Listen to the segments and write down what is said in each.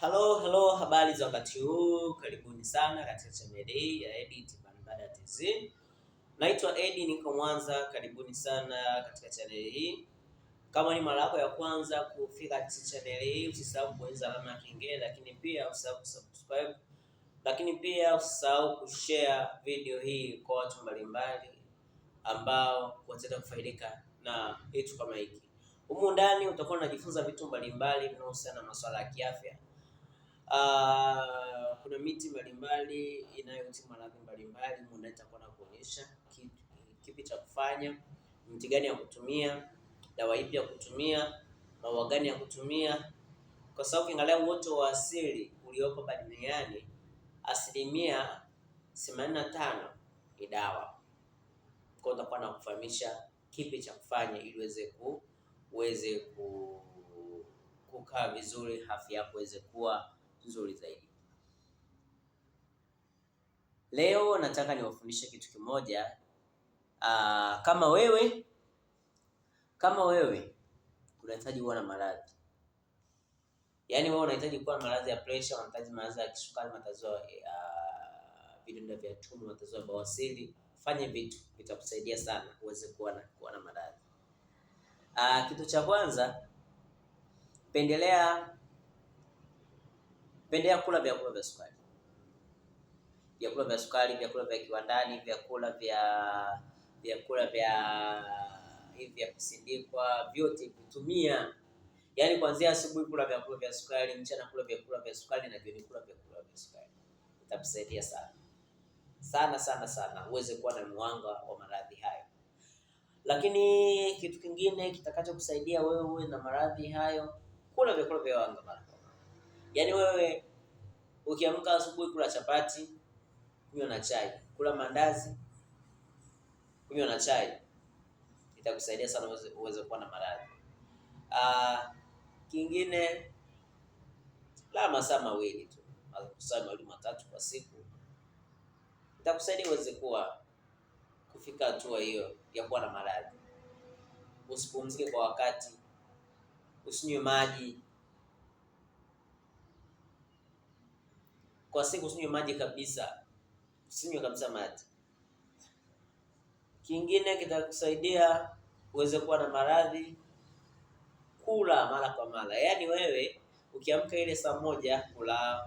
Hello, hello, habari za wakati huu, karibuni sana katika chaneli hii ya Edith Mbadala TZ. Naitwa Edi, niko Mwanza, karibuni sana katika chaneli hii. Kama ni mara yako ya kwanza kufika katika chaneli hii, usisahau kubonyeza alama ya kengele, lakini pia usisahau kusubscribe, lakini pia usisahau kushare video hii kwa watu mbalimbali ambao wataweza kufaidika na kitu kama hiki. Humu ndani utakuwa unajifunza vitu mbalimbali vinavyohusiana na masuala ya kiafya Uh, kuna miti mbalimbali inayotibu maradhi mbalimbali, muda itakuwa na kuonyesha kipi cha kufanya, mti gani ya kutumia, dawa ipi ya kutumia, maua gani ya kutumia, kwa sababu ukiangalia uoto wa asili uliopo hapa duniani asilimia themanini na tano ni dawa. Kwa utakuwa na kufahamisha kipi cha kufanya ili uweze ku uweze ku kukaa vizuri, afya yako iweze kuwa nzuri zaidi. Leo nataka niwafundishe kitu kimoja. Aa, ah, kama wewe kama wewe unahitaji kuwa na maradhi yaani, wewe unahitaji kuwa na maradhi ya pressure, unahitaji maradhi ya kisukari, matatizo ya ah, vidonda vya tumbo, matatizo ya bawasiri, fanye vitu vitakusaidia sana uweze kuwa na kuwa na maradhi. Ah, kitu cha kwanza pendelea Pendelea kula vyakula vya sukari, vyakula vya sukari, vyakula vya kiwandani, vyakula vya vyakula vya hivi vya kusindikwa, vyote kutumia. Yaani kuanzia asubuhi kula vyakula vya sukari, mchana kula vyakula vya sukari na jioni kula vyakula vya sukari. Itakusaidia sana sana sana sana uweze kuwa na mwanga wa maradhi hayo. Lakini kitu kingine kitakachokusaidia wewe uwe na maradhi hayo, kula vyakula vya wanga mara Yaani wewe ukiamka asubuhi, kula chapati, kunywa na chai, kula mandazi, kunywa na chai, itakusaidia sana uweze kuwa na maradhi. Ah, kingine la masaa mawili tu, masaa mawili matatu kwa siku itakusaidia uweze kuwa kufika hatua hiyo ya kuwa na maradhi. Usipumzike kwa wakati, usinywe maji kwa siku usinywe maji kabisa, usinywe kabisa maji. Kingine kitakusaidia uweze kuwa na maradhi, kula mara kwa mara. Yaani wewe ukiamka ile saa moja kula,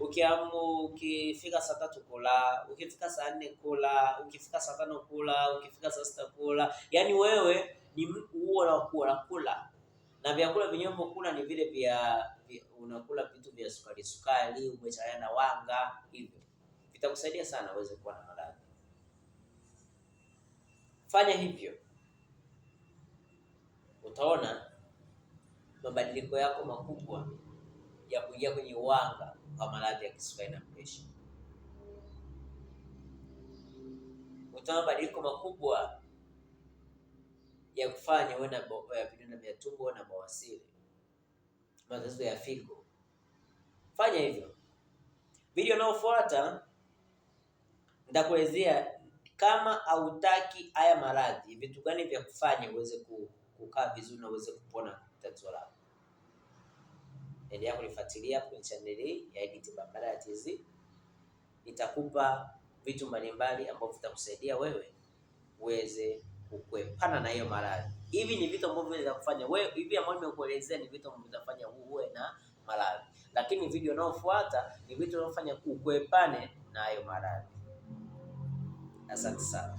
ukiamu ukifika saa tatu kula, ukifika saa nne kula, ukifika saa tano kula, ukifika saa sita kula. Yaani wewe ni uo na kula kula na vyakula kula ni vile vya, vya unakula vitu vya sukari sukari, umechanganya na wanga, hivyo vitakusaidia sana uweze kuwa na maradhi. Fanya hivyo, utaona mabadiliko yako makubwa ya kuingia kwenye wanga kwa maradhi ya kisukari na presha, utaona mabadiliko makubwa ya kufanya uwe na vidonda vya tumbo, na bawasiri, matatizo ya figo. Fanya hivyo. Video inayofuata nitakuelezea kama hautaki haya maradhi, vitu gani vya kufanya uweze kukaa vizuri na uweze kupona tatizo lako. Endelea kunifuatilia kwenye chaneli hii ya Edi Tiba Mbadala TZ. Nitakupa vitu mbalimbali ambavyo vitakusaidia wewe kuepukana na hiyo maradhi. Hivi ni vitu ambavyo vinaweza kufanya wewe, hivi ambavyo nimekuelezea ni vitu ambavyo vinafanya uwe na maradhi, lakini video inayofuata ni vitu vinavyofanya ukuepane na hayo maradhi. Asante sana.